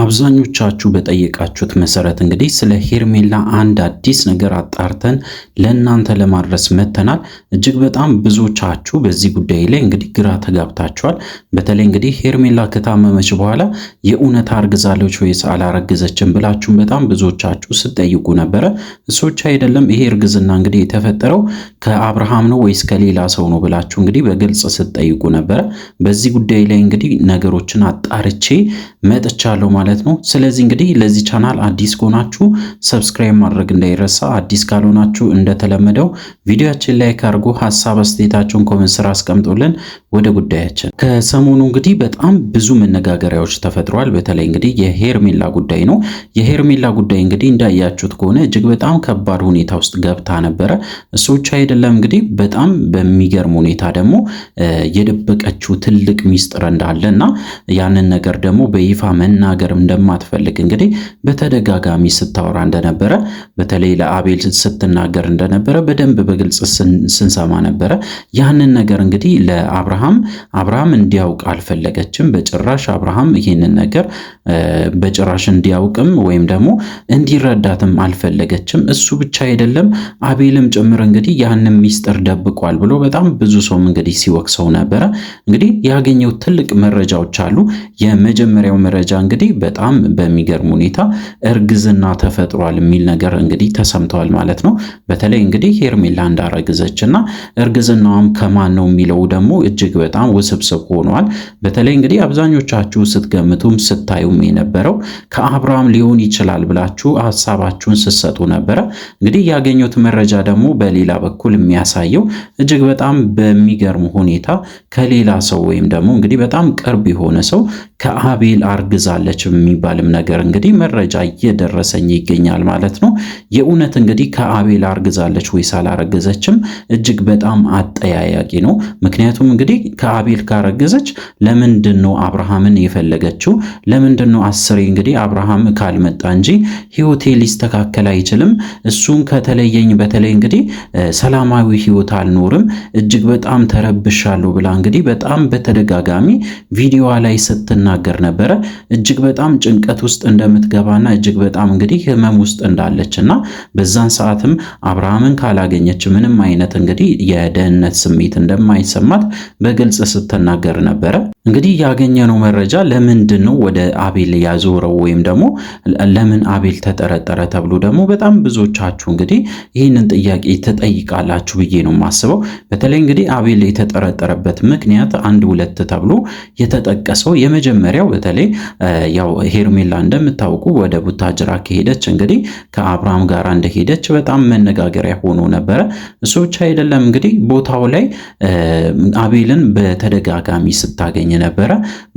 አብዛኞቻችሁ በጠየቃችሁት መሰረት እንግዲህ ስለ ሄርሜላ አንድ አዲስ ነገር አጣርተን ለእናንተ ለማድረስ መተናል። እጅግ በጣም ብዙዎቻችሁ በዚህ ጉዳይ ላይ እንግዲህ ግራ ተጋብታችኋል። በተለይ እንግዲህ ሄርሜላ ከታመመች በኋላ የእውነት አርግዛለች ወይስ አላረግዘችም ብላችሁም በጣም ብዙዎቻችሁ ስትጠይቁ ነበረ። እሶች አይደለም ይሄ እርግዝና እንግዲህ የተፈጠረው ከአብርሃም ነው ወይስ ከሌላ ሰው ነው ብላችሁ እንግዲህ በግልጽ ስትጠይቁ ነበረ። በዚህ ጉዳይ ላይ እንግዲህ ነገሮችን አጣርቼ መጥቻለሁ ማለት ነው። ስለዚህ እንግዲህ ለዚህ ቻናል አዲስ ከሆናችሁ ሰብስክራይብ ማድረግ እንዳይረሳ፣ አዲስ ካልሆናችሁ እንደተለመደው ቪዲዮችን ላይ ካርጎ ሀሳብ አስተያየታችሁን ኮሜንት ስራ አስቀምጡልን። ወደ ጉዳያችን ከሰሞኑ እንግዲህ በጣም ብዙ መነጋገሪያዎች ተፈጥሯል። በተለይ እንግዲህ የሄርሜላ ጉዳይ ነው። የሄርሜላ ጉዳይ እንግዲህ እንዳያችሁት ከሆነ እጅግ በጣም ከባድ ሁኔታ ውስጥ ገብታ ነበረ። እሱ ብቻ አይደለም እንግዲህ በጣም በሚገርም ሁኔታ ደግሞ የደበቀችው ትልቅ ሚስጥር እንዳለ እና ያንን ነገር ደግሞ በ በይፋ መናገር እንደማትፈልግ እንግዲህ በተደጋጋሚ ስታወራ እንደነበረ በተለይ ለአቤል ስትናገር እንደነበረ በደንብ በግልጽ ስንሰማ ነበረ። ያንን ነገር እንግዲህ ለአብርሃም አብርሃም እንዲያውቅ አልፈለገችም በጭራሽ። አብርሃም ይህንን ነገር በጭራሽ እንዲያውቅም ወይም ደግሞ እንዲረዳትም አልፈለገችም። እሱ ብቻ አይደለም አቤልም ጭምር እንግዲህ ያንን ሚስጥር ደብቋል ብሎ በጣም ብዙ ሰውም እንግዲህ ሲወቅሰው ነበረ። እንግዲህ ያገኘው ትልቅ መረጃዎች አሉ። የመጀመሪያው መረጃ እንግዲህ በጣም በሚገርም ሁኔታ እርግዝና ተፈጥሯል የሚል ነገር እንግዲህ ተሰምተዋል ማለት ነው። በተለይ እንግዲህ ሄርሜላ እንዳረግዘች እና እርግዝናዋም ከማን ነው የሚለው ደግሞ እጅግ በጣም ውስብስብ ሆኗል። በተለይ እንግዲህ አብዛኞቻችሁ ስትገምቱም ስታዩም የነበረው ከአብርሃም ሊሆን ይችላል ብላችሁ ሀሳባችሁን ስትሰጡ ነበረ። እንግዲህ ያገኘት መረጃ ደግሞ በሌላ በኩል የሚያሳየው እጅግ በጣም በሚገርም ሁኔታ ከሌላ ሰው ወይም ደግሞ እንግዲህ በጣም ቅርብ የሆነ ሰው ከአቤል አርግዛለች የሚባልም ነገር እንግዲህ መረጃ እየደረሰኝ ይገኛል ማለት ነው። የእውነት እንግዲህ ከአቤል አርግዛለች ወይስ አላረገዘችም እጅግ በጣም አጠያያቂ ነው። ምክንያቱም እንግዲህ ከአቤል ካረገዘች ለምንድን ነው አብርሃምን የፈለገችው? ለምንድን ነው አስሬ እንግዲህ አብርሃም ካልመጣ እንጂ ህይወቴ ሊስተካከል አይችልም፣ እሱን ከተለየኝ በተለይ እንግዲህ ሰላማዊ ህይወት አልኖርም፣ እጅግ በጣም ተረብሻለሁ ብላ እንግዲህ በጣም በተደጋጋሚ ቪዲዮዋ ላይ ስትናገር ነበረ። እጅግ በጣም ጭንቀት ውስጥ እንደምትገባና እጅግ በጣም እንግዲህ ህመም ውስጥ እንዳለች እና በዛን ሰዓትም አብርሃምን ካላገኘች ምንም አይነት እንግዲህ የደህንነት ስሜት እንደማይሰማት በግልጽ ስትናገር ነበረ። እንግዲህ ያገኘነው መረጃ ለምንድን ነው ወደ አቤል ያዞረው ወይም ደግሞ ለምን አቤል ተጠረጠረ ተብሎ ደግሞ በጣም ብዙዎቻችሁ እንግዲህ ይህንን ጥያቄ ትጠይቃላችሁ ብዬ ነው የማስበው። በተለይ እንግዲህ አቤል የተጠረጠረበት ምክንያት አንድ ሁለት ተብሎ የተጠቀሰው የመጀመሪያው በተለይ ያው ሄርሜላ እንደምታውቁ ወደ ቡታጅራ ከሄደች እንግዲህ ከአብርሃም ጋር እንደሄደች በጣም መነጋገሪያ ሆኖ ነበረ። እሱ ብቻ አይደለም እንግዲህ ቦታው ላይ አቤልን በተደጋጋሚ ስታገኝ ይገናኝ ነበረ።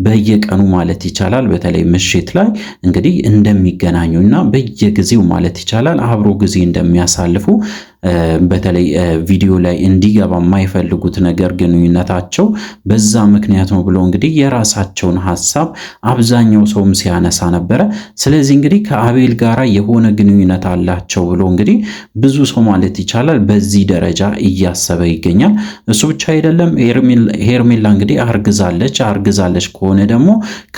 በየቀኑ ማለት ይቻላል በተለይ ምሽት ላይ እንግዲህ እንደሚገናኙ እና በየጊዜው ማለት ይቻላል አብሮ ጊዜ እንደሚያሳልፉ በተለይ ቪዲዮ ላይ እንዲገባ የማይፈልጉት ነገር ግንኙነታቸው በዛ ምክንያት ነው ብሎ እንግዲህ የራሳቸውን ሀሳብ አብዛኛው ሰውም ሲያነሳ ነበረ። ስለዚህ እንግዲህ ከአቤል ጋራ የሆነ ግንኙነት አላቸው ብሎ እንግዲህ ብዙ ሰው ማለት ይቻላል በዚህ ደረጃ እያሰበ ይገኛል። እሱ ብቻ አይደለም፣ ሄርሜላ እንግዲህ አርግዛለች። አርግዛለች ከሆነ ደግሞ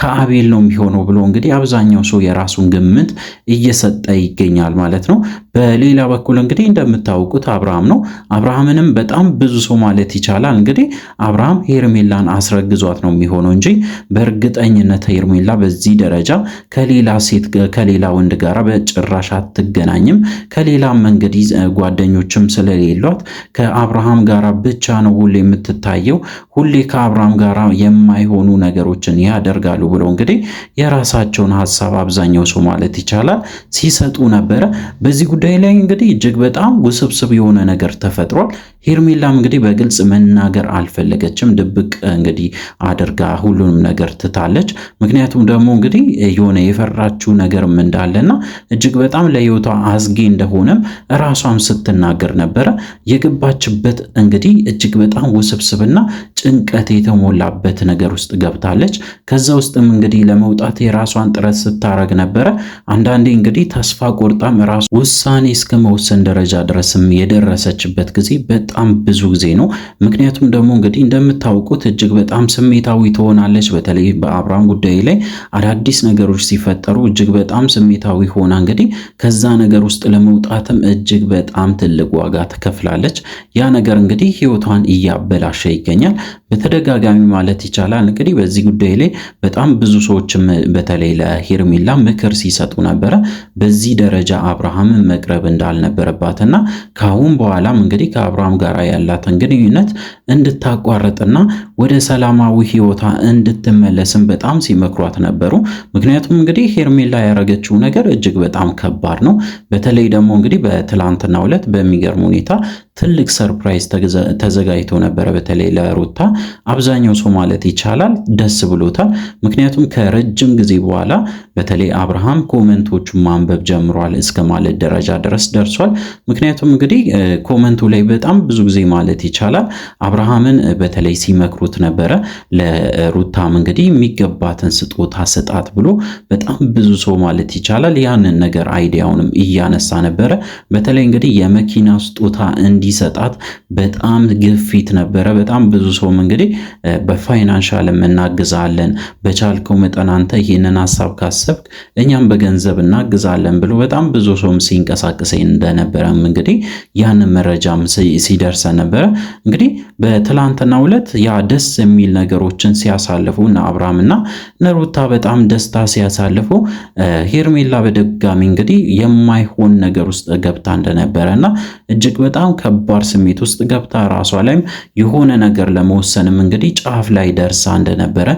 ከአቤል ነው የሚሆነው ብሎ እንግዲህ አብዛኛው ሰው የራሱን ግምት እየሰጠ ይገኛል ማለት ነው። በሌላ በኩል እንግዲህ እንደምታ የምታውቁት አብርሃም ነው። አብርሃምንም በጣም ብዙ ሰው ማለት ይቻላል እንግዲህ አብርሃም ሄርሜላን አስረግዟት ነው የሚሆነው እንጂ በእርግጠኝነት ሄርሜላ በዚህ ደረጃ ከሌላ ሴት ከሌላ ወንድ ጋር በጭራሽ አትገናኝም። ከሌላም መንገድ ጓደኞችም ስለሌሏት ከአብርሃም ጋር ብቻ ነው ሁሌ የምትታየው። ሁሌ ከአብርሃም ጋር የማይሆኑ ነገሮችን ያደርጋሉ ብለው እንግዲህ የራሳቸውን ሀሳብ አብዛኛው ሰው ማለት ይቻላል ሲሰጡ ነበረ። በዚህ ጉዳይ ላይ እንግዲህ እጅግ በጣም ውስ ውስብስብ የሆነ ነገር ተፈጥሯል። ሄርሜላም እንግዲህ በግልጽ መናገር አልፈለገችም። ድብቅ እንግዲህ አድርጋ ሁሉንም ነገር ትታለች። ምክንያቱም ደግሞ እንግዲህ የሆነ የፈራችው ነገርም እንዳለና እጅግ በጣም ለህይወቷ አዝጌ እንደሆነም ራሷም ስትናገር ነበረ። የገባችበት እንግዲህ እጅግ በጣም ውስብስብና ጭንቀት የተሞላበት ነገር ውስጥ ገብታለች። ከዛ ውስጥም እንግዲህ ለመውጣት የራሷን ጥረት ስታረግ ነበረ። አንዳንዴ እንግዲህ ተስፋ ቆርጣም ራሱ ውሳኔ እስከ መወሰን ደረጃ ድረስም የደረሰችበት ጊዜ በጣም ብዙ ጊዜ ነው። ምክንያቱም ደግሞ እንግዲህ እንደምታውቁት እጅግ በጣም ስሜታዊ ትሆናለች። በተለይ በአብርሃም ጉዳይ ላይ አዳዲስ ነገሮች ሲፈጠሩ እጅግ በጣም ስሜታዊ ሆና እንግዲህ ከዛ ነገር ውስጥ ለመውጣትም እጅግ በጣም ትልቅ ዋጋ ትከፍላለች። ያ ነገር እንግዲህ ህይወቷን እያበላሸ ይገኛል። በተደጋጋሚ ማለት ይቻላል እንግዲህ በዚህ ጉዳይ ላይ በጣም ብዙ ሰዎችም በተለይ ለሄርሜላ ምክር ሲሰጡ ነበረ። በዚህ ደረጃ አብርሃምን መቅረብ እንዳልነበረባትና ከአሁን በኋላም እንግዲህ ከአብርሃም ጋር ያላትን ግንኙነት እንድታቋርጥና ወደ ሰላማዊ ሕይወቷ እንድትመለስም በጣም ሲመክሯት ነበሩ። ምክንያቱም እንግዲህ ሄርሜላ ያደረገችው ነገር እጅግ በጣም ከባድ ነው። በተለይ ደግሞ እንግዲህ በትላንትና ዕለት በሚገርም ሁኔታ ትልቅ ሰርፕራይዝ ተዘጋጅቶ ነበረ። በተለይ ለሩታ አብዛኛው ሰው ማለት ይቻላል ደስ ብሎታል። ምክንያቱም ከረጅም ጊዜ በኋላ በተለይ አብርሃም ኮመንቶቹን ማንበብ ጀምሯል እስከ ማለት ደረጃ ድረስ ደርሷል። ምክንያቱም እንግዲህ ኮመንቱ ላይ በጣም ብዙ ጊዜ ማለት ይቻላል አብርሃምን በተለይ ሲመክሩት ነበረ። ለሩታም እንግዲህ የሚገባትን ስጦታ ስጣት ብሎ በጣም ብዙ ሰው ማለት ይቻላል ያንን ነገር አይዲያውንም እያነሳ ነበረ። በተለይ እንግዲህ የመኪና ስጦታ እንዲሰጣት በጣም ግፊት ነበረ። በጣም ብዙ ሰውም እንግዲህ በፋይናንሻልም እናግዛለን በቻልከው መጠን አንተ ይህንን ሀሳብ ካስ ካሰብክ እኛም በገንዘብ እናግዛለን ብሎ በጣም ብዙ ሰውም ሲንቀሳቀሰኝ እንደነበረም እንግዲህ ያንን መረጃም ሲደርሰ ነበረ። እንግዲህ በትላንትና ዕለት ያ ደስ የሚል ነገሮችን ሲያሳልፉ እና አብርሃምና እነ ነሩታ በጣም ደስታ ሲያሳልፉ ሄርሜላ በድጋሚ እንግዲህ የማይሆን ነገር ውስጥ ገብታ እንደነበረና እጅግ በጣም ከባድ ስሜት ውስጥ ገብታ ራሷ ላይም የሆነ ነገር ለመወሰንም እንግዲህ ጫፍ ላይ ደርሳ እንደነበረ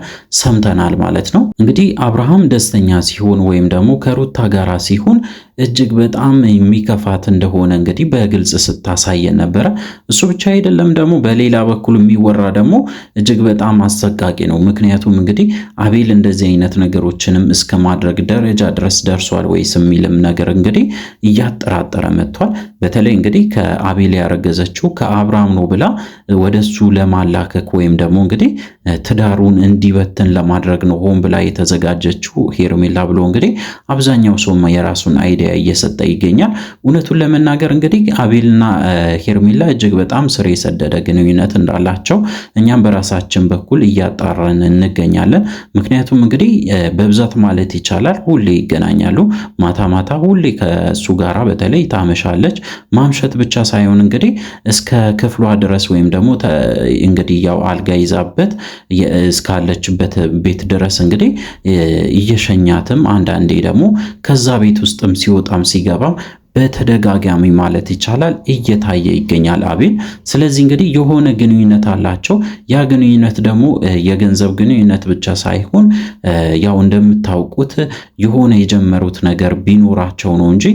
ሰምተናል ማለት ነው። እንግዲህ አብርሃም ደስተኛ ሲሆን ወይም ደግሞ ከሩታ ጋር ሲሆን እጅግ በጣም የሚከፋት እንደሆነ እንግዲህ በግልጽ ስታሳየን ነበረ። እሱ ብቻ አይደለም ደግሞ በሌላ በኩል የሚወራ ደግሞ እጅግ በጣም አሰቃቂ ነው። ምክንያቱም እንግዲህ አቤል እንደዚህ አይነት ነገሮችንም እስከ ማድረግ ደረጃ ድረስ ደርሷል ወይስ የሚልም ነገር እንግዲህ እያጠራጠረ መጥቷል። በተለይ እንግዲህ ከአቤል ያረገዘችው ከአብርሃም ነው ብላ ወደሱ ለማላከክ ወይም ደግሞ እንግዲህ ትዳሩን እንዲበትን ለማድረግ ነው ሆን ብላ የተዘጋጀችው ሄርሜላ ብሎ እንግዲህ አብዛኛው ሰው የራሱን አይዲያ እየሰጠ ይገኛል። እውነቱን ለመናገር እንግዲህ አቤልና ሄርሜላ እጅግ በጣም ስር የሰደደ ግንኙነት እንዳላቸው እኛም በራሳችን በኩል እያጣረን እንገኛለን። ምክንያቱም እንግዲህ በብዛት ማለት ይቻላል ሁሌ ይገናኛሉ። ማታ ማታ ሁሌ ከእሱ ጋራ በተለይ ታመሻለች። ማምሸት ብቻ ሳይሆን እንግዲህ እስከ ክፍሏ ድረስ ወይም ደግሞ እንግዲህ ያው አልጋ ይዛበት እስካለችበት ቤት ድረስ እንግዲህ እየሸኛትም አንዳንዴ ደግሞ ከዛ ቤት ውስጥም ሲወ ሲወጣም ሲገባም በተደጋጋሚ ማለት ይቻላል እየታየ ይገኛል አቤል። ስለዚህ እንግዲህ የሆነ ግንኙነት አላቸው። ያ ግንኙነት ደግሞ የገንዘብ ግንኙነት ብቻ ሳይሆን ያው እንደምታውቁት የሆነ የጀመሩት ነገር ቢኖራቸው ነው እንጂ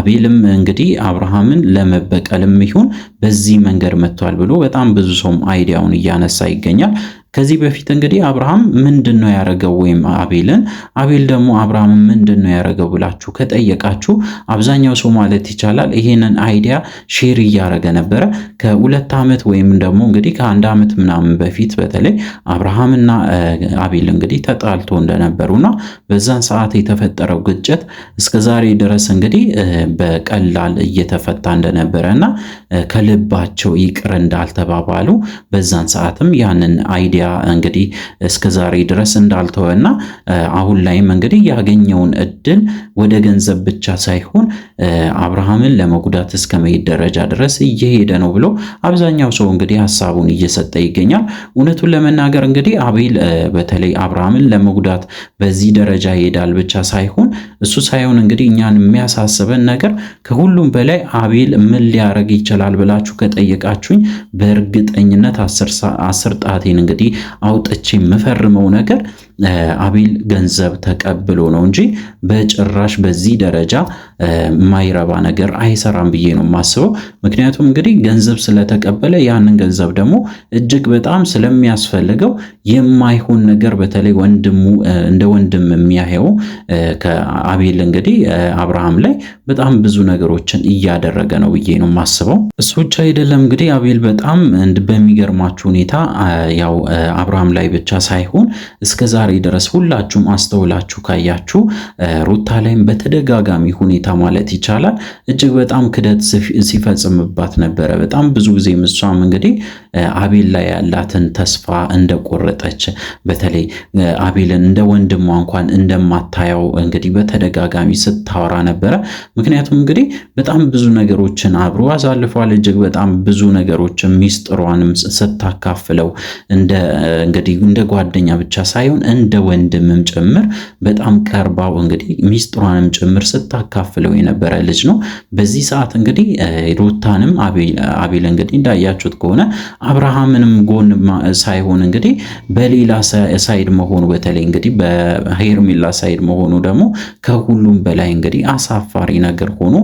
አቤልም እንግዲህ አብርሃምን ለመበቀልም ይሁን በዚህ መንገድ መጥቷል ብሎ በጣም ብዙ ሰውም አይዲያውን እያነሳ ይገኛል። ከዚህ በፊት እንግዲህ አብርሃም ምንድን ነው ያደረገው ወይም አቤልን አቤል ደግሞ አብርሃም ምንድን ነው ያደረገው ብላችሁ ከጠየቃችሁ አብዛኛው ሰው ማለት ይቻላል ይሄንን አይዲያ ሼር እያደረገ ነበረ። ከሁለት ዓመት ወይም ደግሞ እንግዲህ ከአንድ ዓመት ምናምን በፊት በተለይ አብርሃምና አቤል እንግዲህ ተጣልቶ እንደነበሩና በዛን ሰዓት የተፈጠረው ግጭት እስከዛሬ ድረስ እንግዲህ በቀላል እየተፈታ እንደነበረ ና ከልባቸው ይቅር እንዳልተባባሉ በዛን ሰዓትም ያንን አይዲያ ያ እንግዲህ እስከ ዛሬ ድረስ እንዳልተወ አሁን ላይም እንግዲህ ያገኘውን እድል ወደ ገንዘብ ብቻ ሳይሆን አብርሃምን ለመጉዳት እስከ መሄድ ደረጃ ድረስ እየሄደ ነው ብሎ አብዛኛው ሰው እንግዲህ ሀሳቡን እየሰጠ ይገኛል። እውነቱን ለመናገር እንግዲህ አቤል በተለይ አብርሃምን ለመጉዳት በዚህ ደረጃ ይሄዳል ብቻ ሳይሆን እሱ ሳይሆን እንግዲህ እኛን የሚያሳስበን ነገር ከሁሉም በላይ አቤል ምን ሊያደርግ ይችላል ብላችሁ ከጠየቃችሁኝ በእርግጠኝነት አስር ጣቴን እንግዲህ አውጥቼ የምፈርመው ነገር አቤል ገንዘብ ተቀብሎ ነው እንጂ በጭራሽ በዚህ ደረጃ የማይረባ ነገር አይሰራም ብዬ ነው የማስበው። ምክንያቱም እንግዲህ ገንዘብ ስለተቀበለ ያንን ገንዘብ ደግሞ እጅግ በጣም ስለሚያስፈልገው የማይሆን ነገር በተለይ ወንድሙ እንደ ወንድም የሚያየው ከአቤል እንግዲህ አብርሃም ላይ በጣም ብዙ ነገሮችን እያደረገ ነው ብዬ ነው የማስበው። እሱ ብቻ አይደለም እንግዲህ አቤል በጣም በሚገርማችሁ ሁኔታ ያው አብርሃም ላይ ብቻ ሳይሆን እስከዛ ዛሬ ድረስ ሁላችሁም አስተውላችሁ ካያችሁ ሩታ ላይም በተደጋጋሚ ሁኔታ ማለት ይቻላል እጅግ በጣም ክደት ሲፈጽምባት ነበረ። በጣም ብዙ ጊዜ እሷም እንግዲህ አቤል ላይ ያላትን ተስፋ እንደቆረጠች በተለይ አቤልን እንደ ወንድሟ እንኳን እንደማታየው እንግዲህ በተደጋጋሚ ስታወራ ነበረ። ምክንያቱም እንግዲህ በጣም ብዙ ነገሮችን አብሮ አሳልፏል። እጅግ በጣም ብዙ ነገሮችን ሚስጥሯንም ስታካፍለው እንደ እንግዲህ እንደ ጓደኛ ብቻ ሳይሆን እንደ ወንድምም ጭምር በጣም ቀርባው እንግዲህ ሚስጥሯንም ጭምር ስታካፍለው የነበረ ልጅ ነው። በዚህ ሰዓት እንግዲህ ሩታንም አቤል እንግዲህ እንዳያችሁት ከሆነ አብርሃምንም ጎን ሳይሆን እንግዲህ በሌላ ሳይድ መሆኑ በተለይ እንግዲህ በሄርሜላ ሳይድ መሆኑ ደግሞ ከሁሉም በላይ እንግዲህ አሳፋሪ ነገር ሆኖ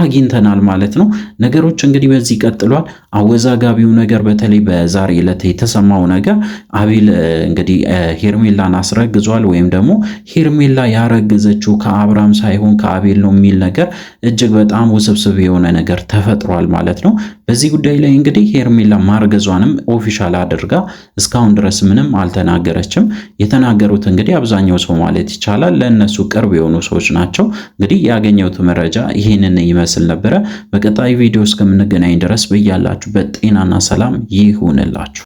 አግኝተናል ማለት ነው። ነገሮች እንግዲህ በዚህ ቀጥሏል። አወዛጋቢው ነገር በተለይ በዛሬ ዕለት የተሰማው ነገር አቤል እንግዲህ ሄርሜላን አስረግዟል ወይም ደግሞ ሄርሜላ ያረገዘችው ከአብርሃም ሳይሆን ከአቤል ነው የሚል ነገር እጅግ በጣም ውስብስብ የሆነ ነገር ተፈጥሯል ማለት ነው። በዚህ ጉዳይ ላይ እንግዲህ ሄርሜላ ማርገዟንም ኦፊሻል አድርጋ እስካሁን ድረስ ምንም አልተናገረችም። የተናገሩት እንግዲህ አብዛኛው ሰው ማለት ይቻላል ለእነሱ ቅርብ የሆኑ ሰዎች ናቸው። እንግዲህ ያገኘሁት መረጃ ይህንን ይመስል ነበረ። በቀጣይ ቪዲዮ እስከምንገናኝ ድረስ በያላችሁበት ጤናና ሰላም ይሁንላችሁ።